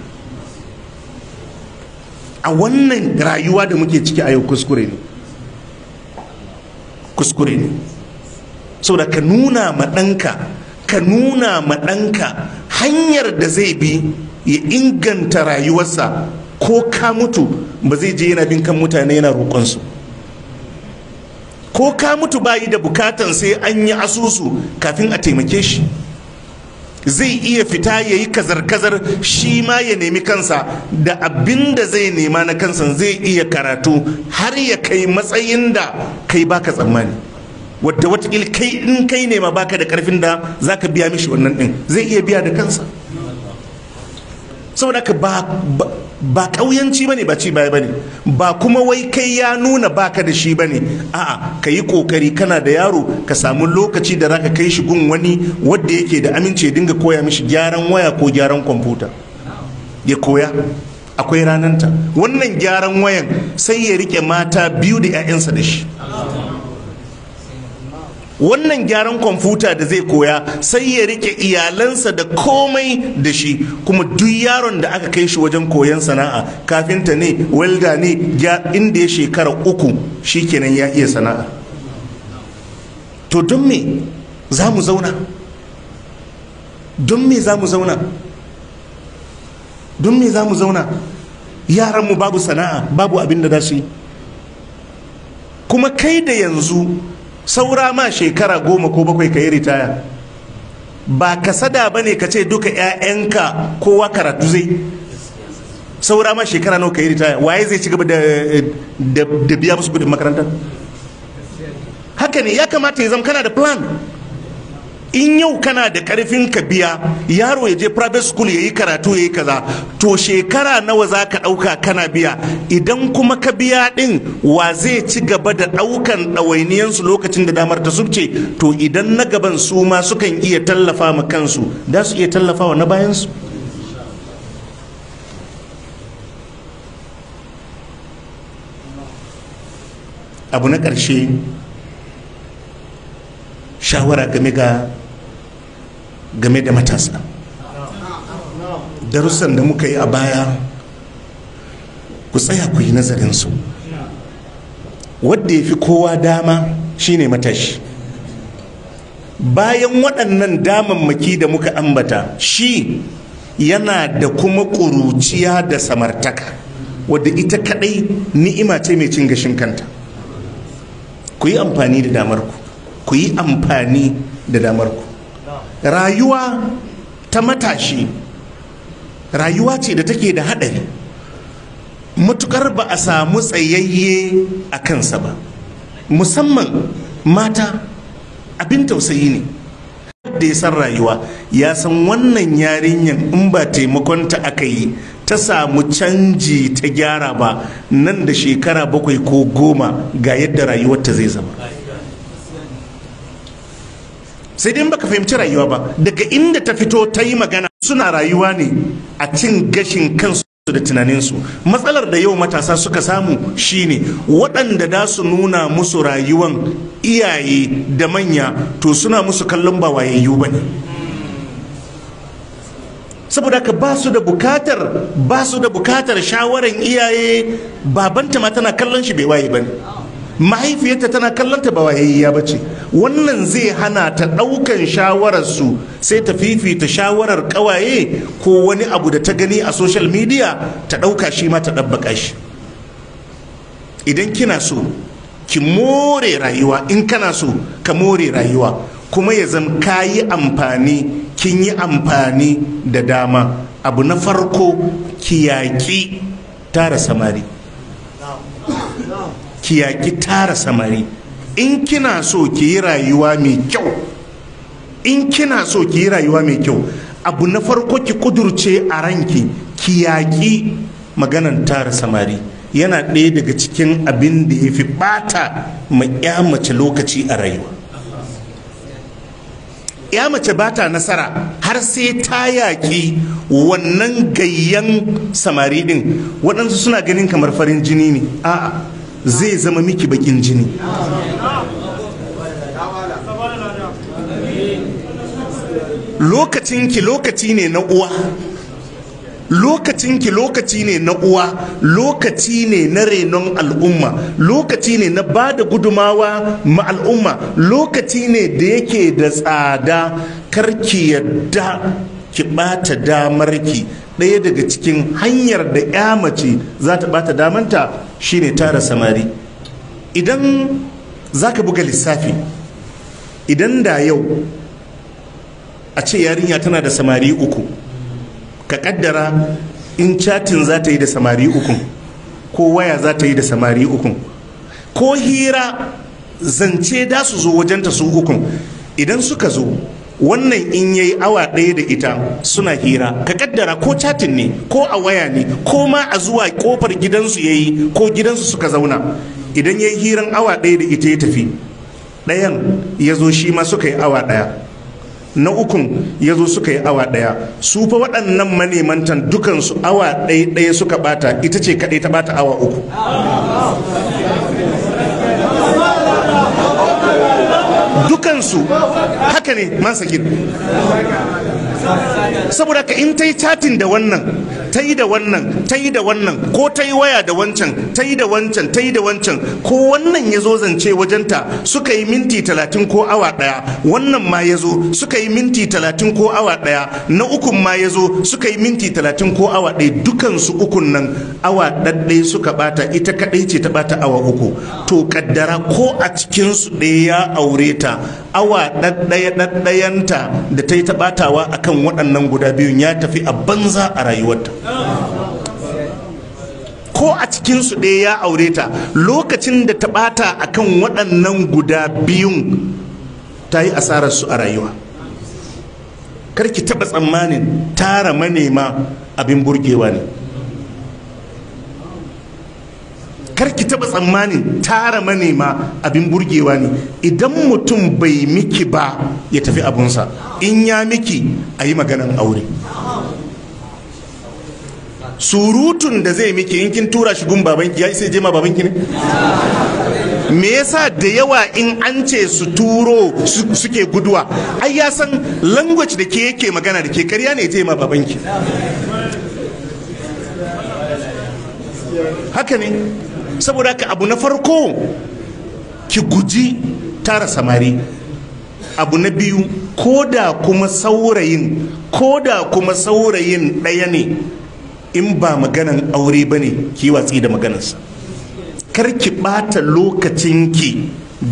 Speaker 1: a wannan rayuwa da muke ciki a yau kuskure ne kuskure ne saboda ka nuna maɗanka ka nuna ma ɗanka hanyar da zai bi ya inganta rayuwarsa ko ka mutu ba zai je yana bin kan mutane yana roƙonsu ko ka mutu bayi da bukatan sai an yi asusu kafin a taimake shi zai iya fita ya yi kazar-kazar shi ma ya nemi kansa da abin da zai nema na kansa zai iya karatu har ya kai matsayin da kai baka tsammani wadda watakil kai in kai nema baka da karfin da za ka biya mishi wannan din zai iya biya da kansa saboda ka ba ba ƙauyanci bane ba ci baya bane ba kuma wai kai ya nuna baka da shi bane a'a ka yi kokari kana da yaro ka samu lokaci da zaka kai shi gun wani wanda yake da amince dinga koya mishi gyaran waya ko gyaran kwamfuta ya koya akwai rananta wannan gyaran wayan sai ya rike mata biyu da 'ya'yansa da shi wannan gyaran kwamfuta da zai koya sai ya rike iyalansa da komai da shi kuma duk yaron da aka kai shi wajen koyan sana'a kafinta ne welda ne inda ya shekara uku shikenan ya iya sana'a to don me za mu zauna don me za mu zauna don me za mu zauna yaranmu babu sana'a babu abin da za su yi kuma kai da yanzu saura ma shekara goma ko bakwai ka yi ritaya ba kasada ba ne ka ce duka 'ya'yanka kowa karatu zai saura ma shekara nawa ka yi ritaya waye zai ci gaba da biya musu gudun makarantar haka ne ya kamata ya zama kana da plan in yau kana da karfin ka biya yaro ya je private school ya yi karatu ya yi kaza to shekara nawa za ka ɗauka kana biya idan kuma ka biya ɗin wa zai ci gaba da ɗaukan ɗawainiyansu lokacin da damar ta subce to idan na gaban su ma sukan iya tallafa ma kansu da su iya tallafa wa na bayansu abu na ƙarshe shawara game ga game da matasa darussan da muka yi a baya ku tsaya ku yi nazarinsu wadda ya fi kowa dama shine matashi bayan waɗannan damammaki da muka ambata shi yana da kuma ƙuruciya da samartaka wadda ita kaɗai ni'ima ce mai cin gashin kanta ku yi amfani da damarku ku yi amfani da damarku rayuwa ta matashi rayuwa ce da take da haɗari matukar ba a samu tsayayye a kansa ba musamman mata abin tausayi ne da ya san rayuwa ya san wannan yarinyar in ba taimakonta aka yi ta samu canji ta gyara ba nan da shekara bakwai ko goma ga yadda rayuwarta zai zama sai dai baka fahimci rayuwa ba daga inda ta fito ta yi magana suna rayuwa ne a cin gashin kansu da tunaninsu matsalar da yau matasa suka samu shine waɗanda da su nuna musu rayuwan iyaye da manya to suna musu kallon ba wayayyu ba ne saboda ka ba su da bukatar ba su da bukatar shawarar iyaye babanta ma tana kallon shi bai waye ba ne mahaifiyarta tana kallonta ba wayayya ba ce wannan zai hana ta ɗaukan shawararsu sai ta fifita shawarar ƙawaye ko wani abu da ta gani a social media ta ɗauka shi ma ta ɗabbaƙa shi idan kina so ki more rayuwa in kana so ka more rayuwa kuma ya zan ka yi amfani kin yi amfani da dama abu na farko ki yaƙi tara samari ki yaki tara samari in kina so ki yi rayuwa mai kyau in kina so ki yi rayuwa mai kyau abu na farko ki kudurce a ranki ki yaki maganan tara samari yana ɗaya daga cikin abin da ya fi ɓata ma mace lokaci a rayuwa ya mace ba nasara har sai ta yaƙi wannan gayyan samari ɗin waɗansu suna ganin kamar farin jini ne a'a zai zama miki bakin jini lokacinki lokaci ne na uwa lokacinki lokaci ne na uwa lokaci ne na renon al'umma lokaci ne na ba da gudumawa ma al'umma lokaci ne da yake da tsada karki yadda ki ɓata ki ɗaya daga cikin hanyar da ya mace za ta bata damanta shine tara samari idan za ka buga lissafi idan da yau a ce yarinya tana da samari uku ka kaddara in catin za ta yi da samari uku ko waya za ta yi da samari uku ko hira zance da su zo wajenta su uku idan suka zo wannan in yayi awa ɗaya da ita suna hira ka kaddara ko chatin ne ko a waya ne ko ma a zuwa kofar gidansu ya yi, ko gidansu suka zauna idan yayi hiran awa ɗaya da ita ya tafi ɗayan ya zo shi ma suka yi awa ɗaya na ukun ya zo suka yi awa ɗaya su fa waɗannan manemantan dukansu awa ɗaya ɗaya suka bata ita ce kaɗai ta bata awa uku dukansu haka ne man sakir saboda ka in ta yi chatin da wannan ta yi da wannan ta yi da wannan ko ta yi waya da wancan ta yi da wancan ta yi da wancan ko wannan ya zo zance wajenta suka yi minti talatin ko awa ɗaya wannan ma ya zo suka yi minti talatin ko awa ɗaya na ukun ma ya zo suka yi minti talatin ko awa ɗaya dukansu ukun nan awa ɗaɗɗai suka ɓata ita kaɗai ce ta ɓata awa uku to kaddara ko a cikin su ɗaya ya aure ta awa ɗaɗɗayanta da ta yi taɓatawa a kan waɗannan guda biyun ya tafi a banza a rayuwarta ko a cikinsu ɗaya ya aure ta lokacin da ta ɓata a kan waɗannan guda biyun ta yi asararsu a rayuwa karki taɓa tsammanin tara manema abin burgewa ne kar ki taba tsammanin tara manema abin burgewa ne idan mutum bai miki ba ya tafi abunsa in ya miki a yi maganan aure surutun da zai miki in kin tura shi gun babanki ya isa je ma babanki ne me yasa da yawa in an ce su turo suke guduwa ai ya san language da ke yake magana da ke karya ne je ma babanki haka ne saboda ka abu na farko ki guji tara samari abu na biyu ko da kuma saurayin ko da kuma saurayin ɗaya ne in ba maganan aure ba ne ki watsi da maganarsa. kar ki ɓata lokacinki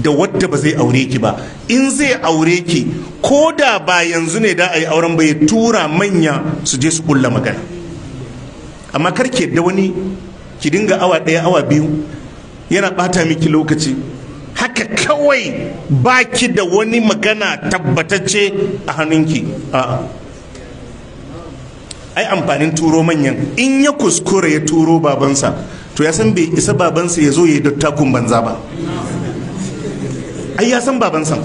Speaker 1: da wadda ba zai aure ki ba in zai aure ki ko da ba yanzu ne da a yi auren ba ya tura manya su je su kulla magana amma kar ki wani ki dinga awa ɗaya awa biyu yana ɓata miki lokaci haka kawai baki da wani magana tabbatacce a hannunki a'a ai amfanin turo manyan in ya kuskure ya turo babansa to ya san bai isa babansa ya zo ya yi dattakun banza ba ai ya san babansa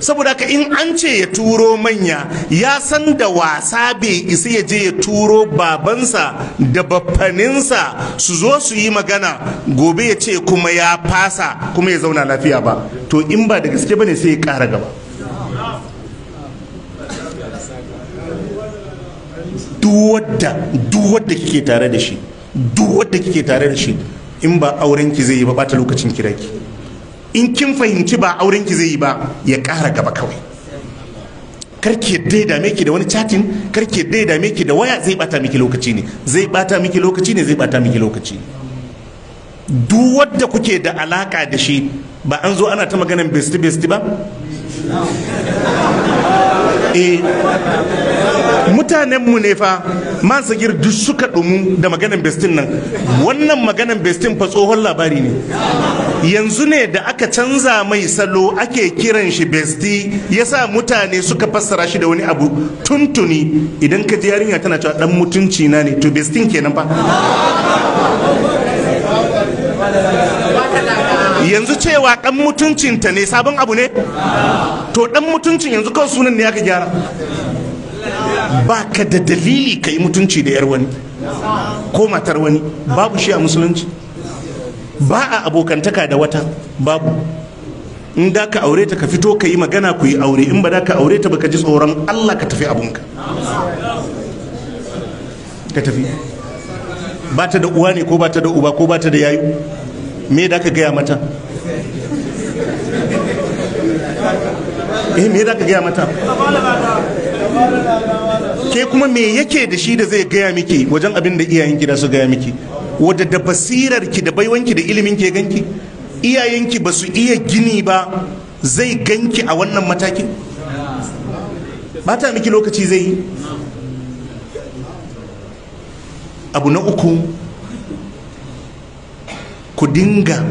Speaker 1: saboda ka in an ce ya turo manya ya san da wasa bai isa ya je ya turo babansa da baffaninsa su zo su yi magana gobe ya ce kuma ya fasa kuma ya zauna lafiya ba to in ba da gaske bane sai ya kara gaba duk wadda kike tare da shi duk kike tare da shi in ba aurenki zai yi ba ta lokacin kiraki in kin fahimci ba auren ki zai yi ba ya kara gaba kawai karki yadda ya dame ki da wani chatting karki yadda ya dame ki da waya zai bata miki lokaci ne zai bata miki lokaci ne zai bata miki lokaci ne duk wadda kuke da alaka da shi ba an zo ana ta magana besti besti ba eh mutanen mu ne fa man sagir duk suka ɗumu da maganan bestin nan wannan maganan bestin fa tsohon labari ne yanzu ne da aka canza mai salo ake kiran shi besti sa mutane suka fassara shi da wani abu tuntuni idan ka ji yarinya tana cewa dan mutunci na ne to bestin kenan fa yanzu cewa dan mutuncinta ne sabon abu ne to dan mutuncin yanzu kawai sunan ne aka gyara ba ka da dalili ka yi mutunci da yar wani ko matar wani babu shi a musulunci ba a abokantaka da wata babu in da ka aure ta ka fito ka yi magana ku yi aure in ba da ka aure ta ba ka ji tsoron allah ka tafi abunka ka tafi ba ta da uwa ne ko ba ta da uba ko ba ta da yayu me da ka gaya mata eh me da ka gaya mata ke kuma me yake da shi da zai gaya miki wajen abin da iyayen gida su gaya miki wadda da basirar ki da baiwanki da ilimin ke ganki iyayenki ba su iya gini ba zai ganki a wannan matakin ba ta miki lokaci zai yi abu na uku ku dinga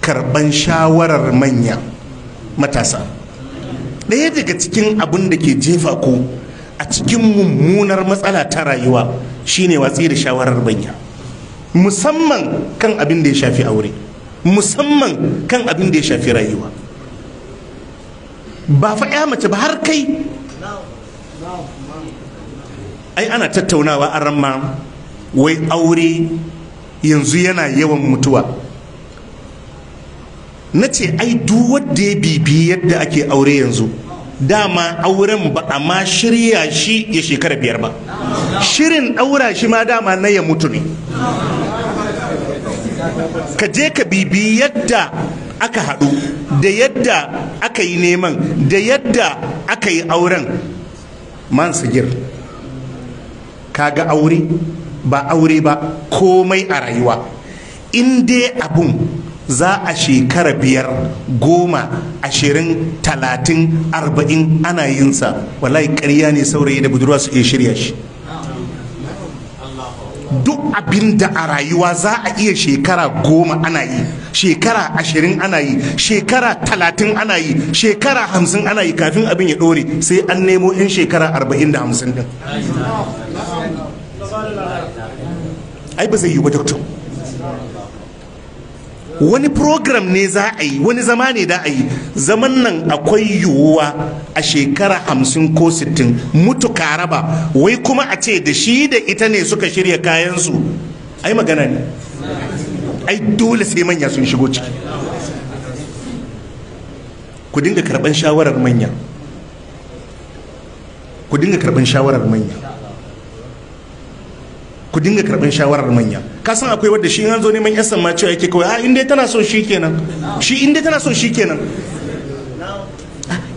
Speaker 1: karban shawarar manya matasa ɗaya daga cikin abin da ke jefa ku a cikin mummunar matsala ta rayuwa shine watsi da shawarar banya musamman kan abin da ya shafi aure musamman kan abin da ya shafi rayuwa ba fa ya mace ba har kai ai ana tattaunawa a ramma wai aure yanzu yana yawan mutuwa na ce ai duk wanda ya bibi yadda ake aure yanzu dama auren ba a ma shirya shi ya shekara biyar ba shirin ɗaura shi ma dama na ya mutu ne ka je ka bibi yadda aka haɗu da yadda aka yi neman da yadda aka yi auren man sigir kaga aure ba aure ba komai a rayuwa in dai abun za a shekara biyar goma ashirin talatin arba'in ana yinsa wallahi karya ne saurayi da budurwa su iya shirya shi duk abin da a rayuwa za a iya shekara goma ana yi shekara ashirin ana yi shekara talatin ana yi shekara hamsin ana yi kafin abin ya ɗore sai an nemo 'yan shekara arba'in da hamsin din ai ba zai yi ba doktor wani program ne za a yi wani zama ne da a yi zaman nan akwai yiwuwa a shekara hamsin ko sittin mutu karaba wai kuma a ce da shi da ita ne suka shirya kayansu ai magana ne ai dole sai manya sun shigo ciki ku dinga karban shawarar manya ku dinga karban shawarar manya ku dinga karban shawarar manya ka san akwai wadda shi yanzu neman 'yan sama cewa yake kawai a ah, inda tana so shi kenan shi inda tana so shi kenan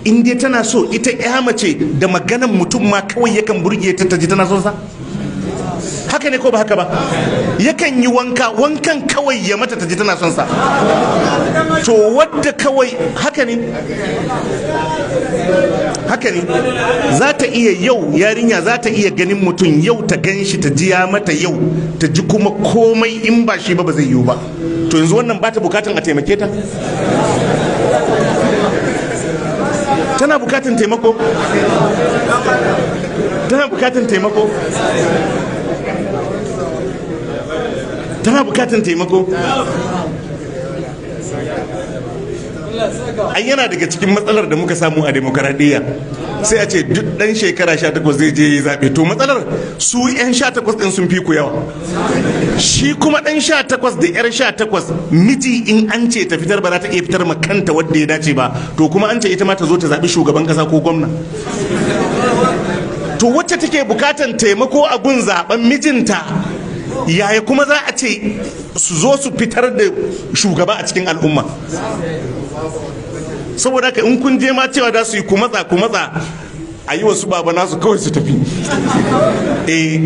Speaker 1: inda tana so ita ya mace da maganan mutum ma kawai yakan burge ta taji tana son sa haka ne ko ba haka ba yakan yi wanka wankan kawai ya mata taji tana son sa to wadda kawai haka ne haka ne za ta iya yau yarinya za ta iya ganin mutum yau ta gan shi ta ji ya mata yau ta ji kuma komai in ba shi ba ba zai yiwu ba to yanzu wannan ba ta bukatan a taimake ta tana bukatan taimako tana bukatan taimako tana bukatan taimako an yana daga cikin matsalar da muka samu a demokaradiyya sai a ce duk dan shekara sha takwas zai je yi zaɓe to matsalar su 'yan sha takwas ɗin sun fi ku yawa shi kuma dan sha takwas da 'yar sha takwas miji in an ce ta fitar ba za ta iya fitar makanta wadda ya dace ba to kuma an ce ita ma ta zo ta zaɓi shugaban ƙasa ko gwamna to wacce take bukatan taimako a gun zaɓen mijinta yaya kuma za a ce su zo su fitar da shugaba a cikin al'umma saboda ka in kun je ma cewa za su yi ku matsa ku matsa a yi wasu baba nasu kawai su tafi eh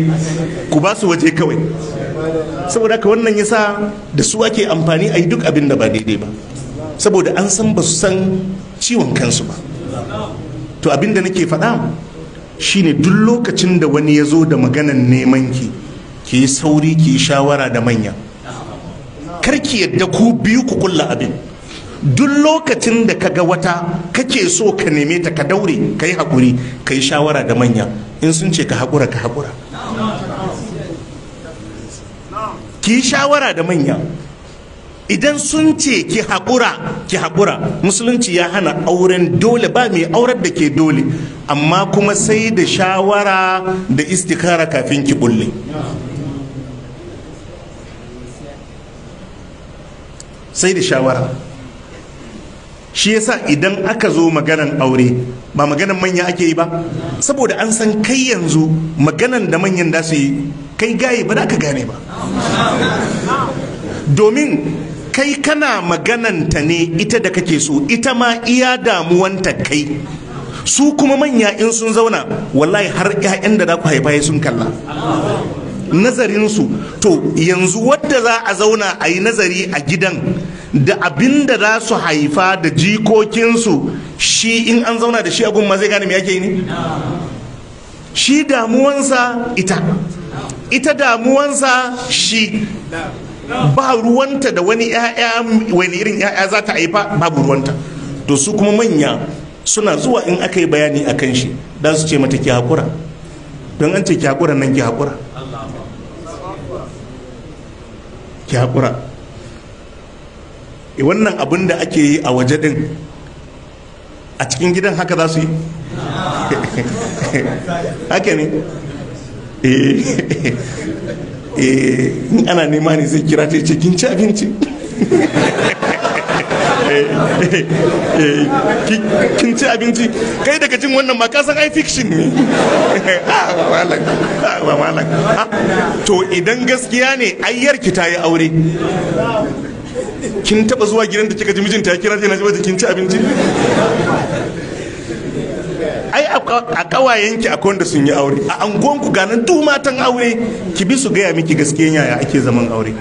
Speaker 1: ku ba su waje kawai saboda ka wannan yasa da su ake amfani a yi duk abin da ba daidai ba saboda an san ba su san ciwon kansu ba to abin da nake faɗa shine duk lokacin da wani ya zo da maganan neman ki ki yi sauri ki yi shawara da manya karki yadda ku biyu ku kulla abin duk lokacin da ka ga wata kake so ka neme ta ka daure ka yi haƙuri ka yi shawara da manya in sun ce ka haƙura ka haƙura ki yi shawara da manya idan sun ce ki haƙura ki haƙura musulunci ya hana auren dole ba mai aurar da ke dole amma kuma sai da shawara da istikara kafin ki bulle sai da shawara shi yasa idan aka zo maganan aure ba maganan manya ake yi ba saboda an san kai yanzu maganan da manyan da su yi kai gaye ba da ka gane ba domin kai kana magananta ne ita da kake so ita ma iya damuwanta kai su kuma manya in sun zauna wallahi har 'ya'yan da za ku haifa sun kalla nazarinsu to yanzu wadda za a zauna a yi nazari a gidan da abin da za su haifa da jikokinsu shi in an zauna da shi agun ma zai gane me yake yi ne shi damuwansa ita ita damuwansa shi ba ruwanta da wani irin 'ya'ya za ta haifa babu ruwanta to su kuma manya suna zuwa in aka yi bayani a kan shi don su ce mata ki haƙura don an ce ki haƙura nan ki haƙura ki haƙura eh, wannan abin da ake yi a waje ɗin a cikin gidan haka za su yi [LAUGHS] haka ne eh, [LAUGHS] eh, in ana nema ne zai kira ta ce kin ci abinci [LAUGHS] kin ci abinci kai daga jin wannan ma kasan ai fiction ne ba malam to idan gaskiya ne ayyar ki ta yi aure kin taba zuwa gidan da kika ji mijinta ta kira yana ji kin ci abinci ai a kawayenki a da sun yi aure a anguwanku ganin duk matan aure ki bi su gaya miki gaskiyan yaya ake zaman aure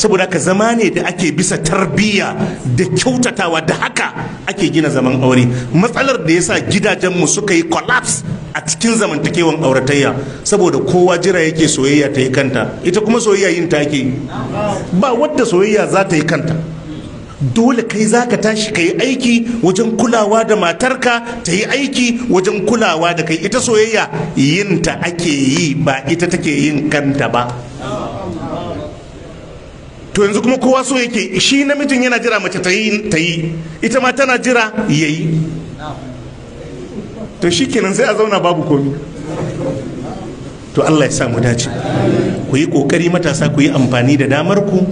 Speaker 1: saboda ka zama ne da ake bisa tarbiyya da kyautatawa da haka ake gina zaman aure matsalar da yasa gidajenmu suka yi collapse a cikin zamantakewan auratayya saboda kowa jira yake soyayya ta yi kanta ita kuma soyayya yin ta ke ba wadda soyayya za ta yi kanta dole kai za ka tashi ka yi aiki wajen kulawa da matarka ta yi aiki wajen kulawa da kai ita soyayya yinta ake yi ba ita take yin kanta ba to yanzu kuma kowa so yake shi namijin yana jira mace ta yi ita ma tana jira ya yi to shi kenan sai a zauna babu komi to allah ya samu dace ku yi ƙoƙari matasa ku yi amfani da damar ku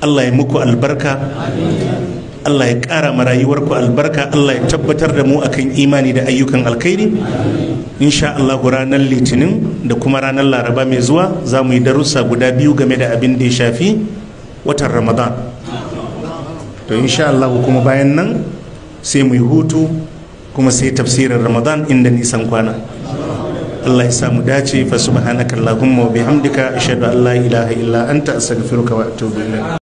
Speaker 1: allah ya muku albarka allah ya ƙara ma ku albarka allah ya tabbatar da mu akan imani da ayyukan alkhairi insha Allah ranar litinin da kuma ranar laraba mai zuwa za mu yi darussa guda biyu game da abin da ya shafi watan ramadan to insha Allah kuma bayan nan sai mu yi hutu kuma sai tafsirin ramadan inda nisan kwana Allah ya samu dace fa Allahumma wa bihamdika ashhadu an la ilaha illa anta astaghfiruka wa atubu ilayk